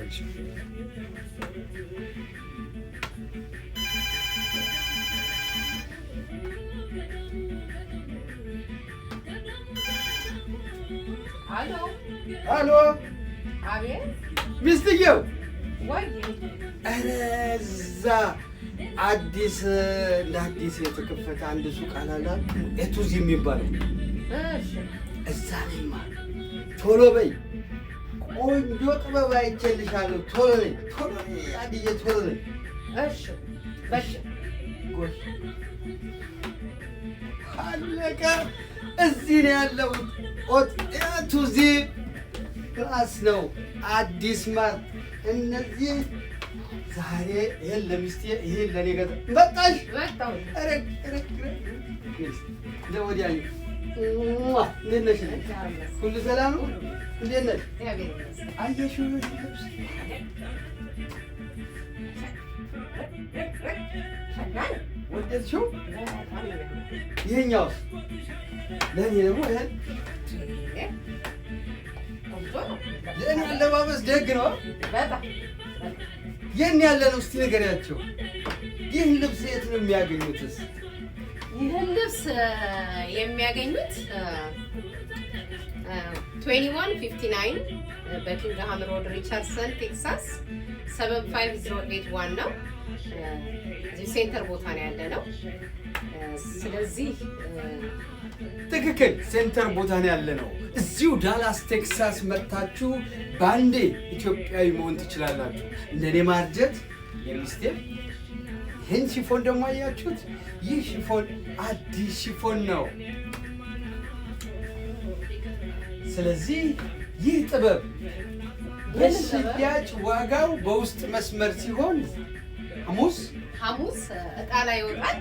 አሎ ሚስትየው፣ ኧረ እዛ አዲስ እንደ አዲስ የተከፈተ አንድ ሱቅ አላላ ኤቱዝ የሚባለው እዛ ነይማ፣ ቶሎ በይ ቆንጆ ጥበብ አይቼልሻለሁ። ቶሎ ነኝ፣ ቶሎ ነኝ፣ አድዬ ቶሎ ነኝ። እሺ በቃ አለቀ። እዚህ ነው ያለሁት። ወጤቱ እዚህ ክላስ ነው። አዲስ ማርት እነዚህ ዛሬ ይሄን ለሚስቴ ይሄን ለኔ ገዛ መጣሽ። እንዴት ነሽ? ሁሉ ሰላም ነው? እንዴት ነሽ? አየሽው ወደድሽው? ይኸኛውስ ለእኔ ደግሞ ለእኔ አለባበስ ደግ ነው። የት ነው ያለ ነው? እስኪ ንገሪያቸው። ይህን ልብስ የት ነው የሚያገኙትስ? ይህን ልብስ የሚያገኙት ትዌንቲ ዋን ፊፍቲ ናይን በኪንግሃም ሮድ ሪቻርድሰን ቴክሳስ ሰቨን ፋይቭ ዜሮ ኤይት ነው። እዚህ ሴንተር ቦታ ነው ያለ ነው። ስለዚህ ትክክል ሴንተር ቦታ ነው ያለ ነው። እዚሁ ዳላስ ቴክሳስ መጥታችሁ በአንዴ ኢትዮጵያዊ መሆን ትችላላችሁ። እንደኔ ማርጀት የሚስቴር ይህን ሽፎን ደግሞ አያችሁት? ይህ ሽፎን አዲስ ሽፎን ነው። ስለዚህ ይህ ጥበብ በሽያጭ ዋጋው በውስጥ መስመር ሲሆን ሐሙስ ሐሙስ እጣ ላይ ይወጣል።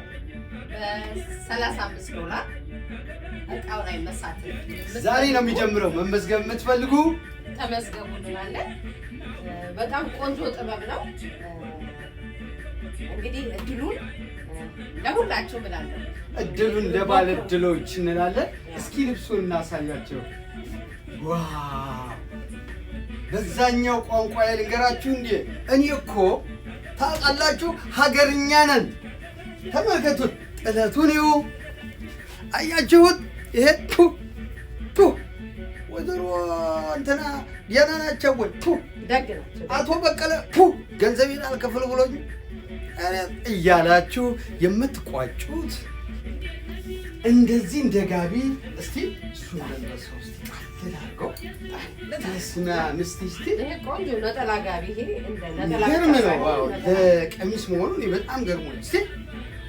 በ35 ዶላር እጣው ላይ መሳት ዛሬ ነው የሚጀምረው። መመዝገብ የምትፈልጉ ተመዝገቡ እንላለን። በጣም ቆንጆ ጥበብ ነው። እንግዲህ እድሉን ለሁላችሁ ብላለሁ። እድሉን ለባለ እድሎች እንላለን። እስኪ ልብሱን እናሳያቸው። ዋው! በዛኛው ቋንቋ ልንገራችሁ እንዴ! እኔ እኮ ታውቃላችሁ፣ ሀገርኛ ነን። ተመልከቱት፣ ጥለቱን ይሁ አያችሁት? ይሄ ቱ ቱ ወይዘሮ እንትና ዲያና ናቸው ወይ? ቱ አቶ በቀለ ቱ ገንዘቤን አልከፍል ብሎኝ እያላችሁ የምትቋጩት እንደዚህ እንደ ጋቢ እስቲ እሱ ለበሰው ቀሚስ መሆኑን በጣም ገርሞ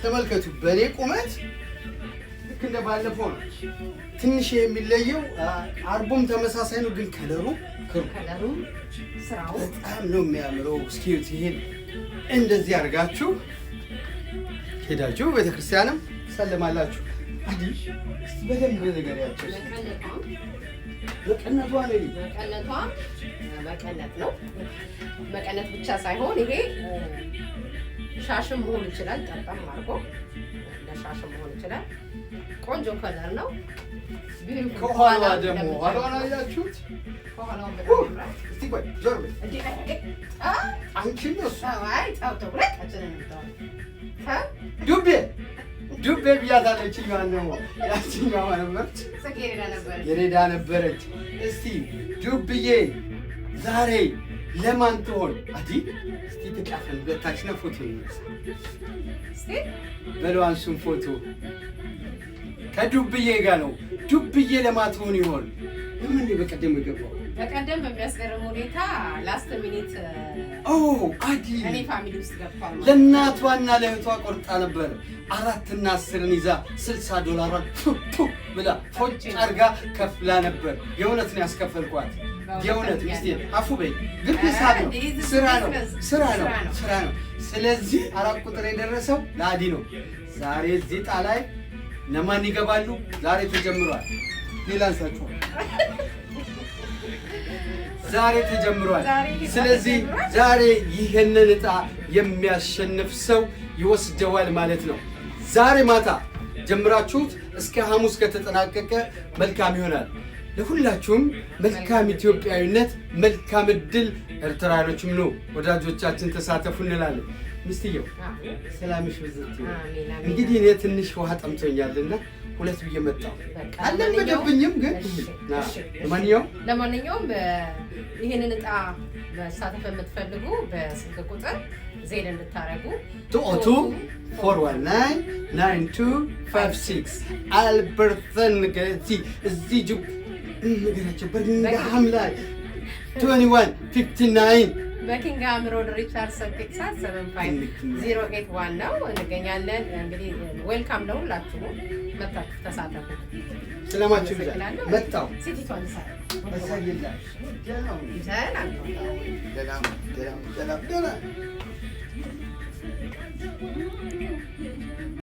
ተመልከቱ። በእኔ ቁመት ልክ እንደ ባለፈው ነው። ትንሽ የሚለየው አርቦም ተመሳሳይ ነው፣ ግን ከለሩ በጣም ነው የሚያምረው። እስኪ ይሄ ነው እንደዚህ አድርጋችሁ ሄዳችሁ ቤተክርስቲያንም ትሰልማላችሁ። በደንብ ነገር ያቸው መቀነቷ ላይ መቀነቷ መቀነት ነው። መቀነት ብቻ ሳይሆን ይሄ ሻሽም መሆን ይችላል። ጠጠም አድርጎ ለሻሽም መሆን ይችላል። ቆንጆ ከለር ነው። ከኋላ ደግሞ ኋላዋን አያችሁት? እስቲ ቆይ ዞር በይ አንቺን ዱቤ ዱቤ ብያታለሁ። ይችኛዋን ደግሞ ያችኛዋ ነበረች የሬዳ ነበረች። እስቲ ዱብዬ ዛሬ ለማን ትሆን? አዲ እስቲ ትቃፈን ሁለታችን ፎቶ ይነሳ በለዋንሱን ፎቶ ከዱብዬ ጋር ነው። ዱብዬ ለማትሆን ይሆን ምን በቀደም የገባው በቀደም በሚያስገርም ሁኔታ ላስት ሚኒት uh, ኦ አዲ እኔ ፋሚሊ ውስጥ ገብቷል። ለእናቷና ለእህቷ ቆርጣ ነበር አራትና አስርን ይዛ ስልሳ ዶላሯን ብላ ፎጭ አርጋ ከፍላ ነበር። የእውነት ነው ያስከፈልኳት። የእውነት ሚስቴ አፉ በይ ግን ሂሳብ ነው፣ ስራ ነው፣ ስራ ነው፣ ስራ ነው። ስለዚህ አራት ቁጥር የደረሰው ለአዲ ነው። ዛሬ እዚህ ጣላይ እነማን ይገባሉ? ዛሬ ተጀምሯል። ላንሳችኋል። ዛሬ ተጀምሯል። ስለዚህ ዛሬ ይህንን እጣ የሚያሸንፍ ሰው ይወስደዋል ማለት ነው። ዛሬ ማታ ጀምራችሁት እስከ ሐሙስ ከተጠናቀቀ መልካም ይሆናል። ለሁላችሁም መልካም ኢትዮጵያዊነት መልካም እድል። ኤርትራኖችም ነው ወዳጆቻችን ተሳተፉ እንላለን። ምስትየው ሰላምሽ ብዝት። እንግዲህ እኔ ትንሽ ውሃ ጠምቶኛልና ሁለት ብዬ መጣሁ። አለን በደብኝም ግን ለማንኛውም ለማንኛውም ይህንን እጣ መሳተፍ የምትፈልጉ በስልክ ቁጥር ዜና እንድታረጉ ቱኦቱ ፎር ዋን ናይን ናይን ቱ ፋይቭ ሲክስ አልበርተን ገዚ እዚህ ነገራቸው በርሚንግሃም ላይ ትዌንቲ ዋን ፊፍቲ ናይን በኪንግሃም ሮድ ሪቻርድሰን ቴክሳስ ሰቨን ዋን ነው እንገኛለን። እንግዲህ ዌልካም ለሁላችሁ መታችሁ ተሳተፉ። ስለማችሁ መጣሁ ሴቲቷን